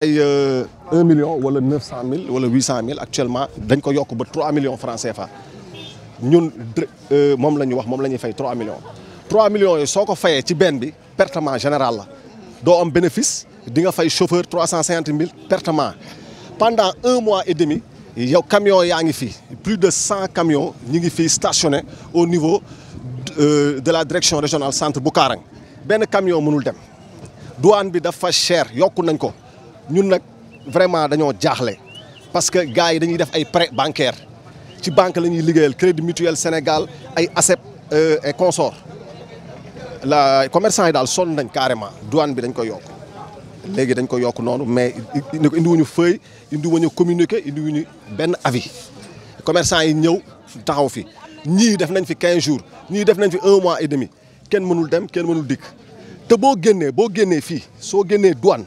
1 euh, million 000 ou 800 000 actuellement dañ ko a 3 millions francs CFA ñun avons fait 3 millions. 3 millions yi soo ko ci ben bi pertement général la en am bénéfice di nga fay chauffeur 350000 pertement pendant un mois et demi yow camions ya ngi fi plus de 100 camions ñi ngi fi stationné au niveau euh, de la direction régionale centre bu ben camion mënul dem douane bi dafa cher yokku nañ ko ñun nag vraiment dañoo jaxlé parce que gaay yi dañuy def ay prêt bancaire ci banque lañuy ligéyal crédit mutuel Sénégal ay ACEP euh, et consort la commerçant yi dal son nañ carrément douane bi dañ ko yok légui dañ ko yok noonu mais indi indiwuñu feuille communiquer indi wuñu benn avis commerçant yi ñëw taxaw fi ñi def nañ fi 15 jours ñi def nañ fi 1 mois et demi kenn mënul dem kenn mënul dik te bo génné bo génné fi so génné douane.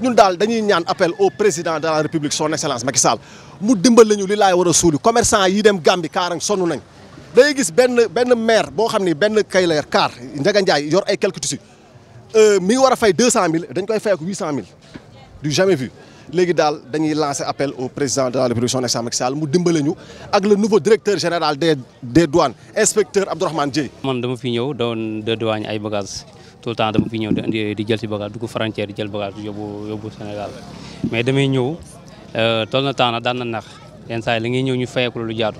Nous allons dañuy ñaan appel au président de la république son excellence Macky Sall mu dimbal lañu li laay commerçant yi dem Gambie kaarang sonn nañ day gis benn benn maire boo xam ben benn kay la kaar Ndiaga Ndiaye yor ay quelques tissus euh, mi ngi fay deux cent mille dañ koy fay ak huit cent mille du jamais vu Nous allons dañuy lancer appel au président de la république son excellence Macky Sall mu dimbale ñu ak le nouveau directeur général des des douanes inspecteur Abdourahmane Dieye. man dama fi ñëw doon des douane ay bagages. tout temps dama fi ñëw di di jël ci bagage duggu frontière jël bagage du yobbu yobbu Sénégal mais damay ñëw euh tol na temps na daan na nax yenn saa yi la ngay ñëw ñu fayeeku lu jaadu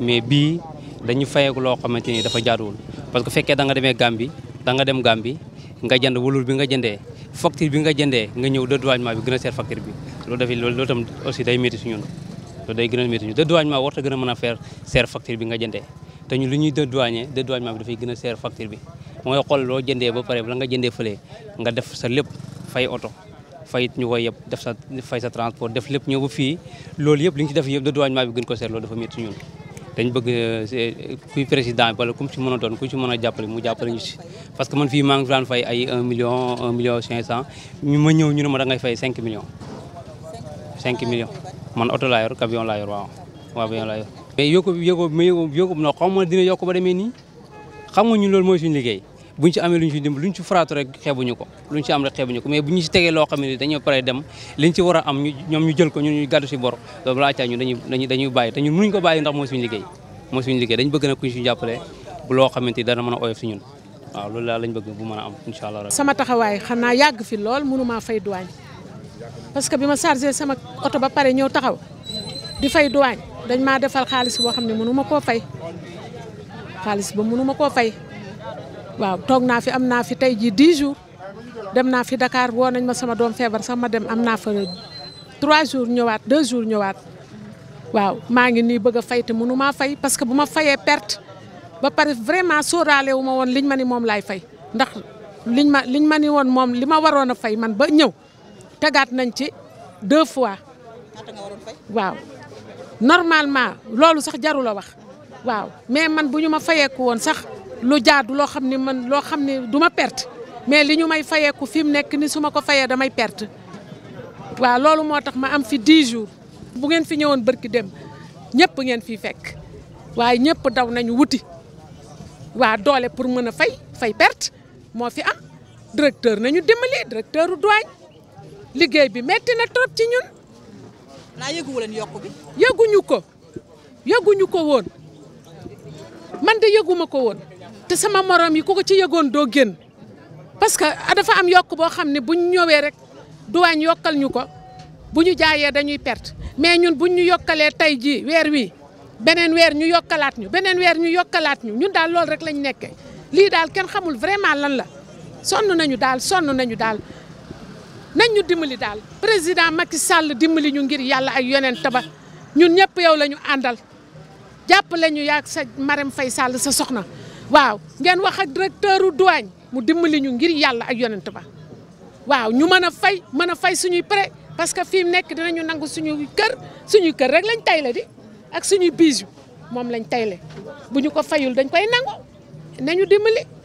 mais bii dañu fayeeku loo xamante ni dafa jaaduwul parce que fekkee da nga demee Gambi da nga dem Gambi nga jënd wulul bi nga jëndee facture bi nga jëndee nga ñëw de douanement bi gën a seet facture bi loolu dafa loolu loolu tam aussi day métti si ñun loolu day gën a métti de douanement warut a gën a faire seer facture bi nga jëndee te ñu lu ñuy de douanier de douanement bi dafay gën a seer bi. mooy xool loo jëndee ba pare bala nga jëndee fële nga def sa lépp yëpp sa fay sa transport lépp ñëw ba fii loolu yëpp li nga def yëpp dédouanement bi ko seet loolu dafa métti ñun dañ bëgg eh, kuy président comme si mën a doon ku si mën a jàppale mu jàppale ñu si parce que man fii maa ngi daan fay ay 1 million 1 million 500 ñu ma ñëw ñu ne ma da ngay fay 5 millions 5 millions man oto laa yor camion laa yor na xaw ma ñun mooy suñu liggéey buñ ci amee luñ ci dimb luñ ci faraatu rek xeebuñu ko luñ ci am rek xeebuñu ko mais bu ñu si tegee loo xam ne dañoo pare dem liñ ci war a am ñu ñoom ñu jël ko ñun ñu gàddu si bor loolu laajtaa ñu dañuy dañuy bàyyi te ñun mënuñ ko bàyyi ndax moo suñu liggéey moo suñu liggéey dañ bëgg nag kuñ si jàppale bu xamante ni dana mën a oyof si ñun waaw loolu laa lañ bëgg bu mën a am incha allah. sama taxawaay xanaa yàgg fi lool mënumaa fay douane parce que bi ma chargé sama oto ba pare ñëw taxaw di fay douane dañ maa defal xaalis boo xam ne mënu ma koo fay xaalis ba mënu ma koo fay waaw toog naa fi am naa fi tey jii 10 jours dem naa fi Dakar woo nañ ma sama doom feebar sax ma dem am naa fa trois jours ñëwaat deux jours ñëwaat waaw maa ngi nii bëgg a fay te mënu maa fay parce que bu ma fayee perte ba pare vraiment sóoraale ma woon liñ ma ni moom laay fay ndax liñ ma liñ ma ni woon moom li ma waroon a fay man ba ñëw tegaat nañ ci deux fois waaw normalement loolu sax jarul wax waaw mais man bu ñu ma fayeeku woon sax lu jaadu loo xam ne man loo xam ne duma perte mais li ñu may fayeeku fi mu nekk ni su ma ko fayee damay perte waa loolu moo tax ma am fi 10 jours bu ngeen fi ñëwoon bërki dem ñëpp ngeen fiy fekk waaye ñëpp daw nañu wuti waa doole pour mën a fay fay perte moo fi am directeur nañu dimbali directeur u douane liggéey bi metti na trop ci ñun. leen yokk bi. yëguñu ko yëguñu ko woon man de yëguma ko woon. te sama morom yi ku ko ci yëgoon doo génn parce que dafa am yokk boo xam ne buñ ñëwee rek duwaañ yokkal ñu ko bu ñu jaayee dañuy perte mais ñun buñ ñu yokkalee tey jii weer wi beneen weer ñu yokkalaat ñu beneen weer ñu yokkalaat ñun daal loolu rek lañu nekkee lii daal kenn xamul vraiment lan la sonn nañu daal sonn nañu daal nañ ñu dimbali daal président Macky Sall dimbali ñu ngir yàlla ak yonent ba ñun ñëpp yow lañu ñu jàpp jàppale ñu yaag sa Marème Faye Sall sa soxna Wow, ngeen wax ak directeur douane mu dimbali ñu ngir yàlla ak yonent ba waaw ñu mën fay mën a fay suñuy pré parce que fii nekk dinañu nangu suñuy kër suñuy kër rek lañ tayle di ak suñuy biisu moom lañ tayle bu ko fayul dañ koy nangu nañu dimbali